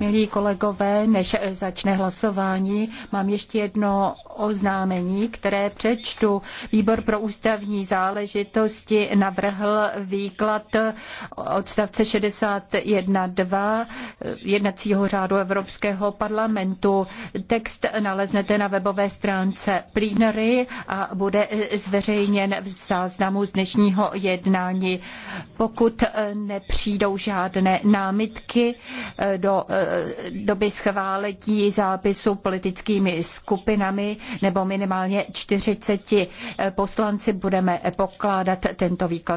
Milí kolegové, než začne hlasování, mám ještě jedno oznámení, které přečtu. Výbor pro ústavní záležitosti navrhl výklad odstavce 61.2 jednacího řádu Evropského parlamentu. Text naleznete na webové stránce plenary a bude zveřejněn v záznamu z dnešního jednání. Pokud nepřijdou žádné námitky eh, do eh, doby schválení zápisu politickými skupinami nebo minimálně 40 eh, poslanci budeme pokládat tento výklad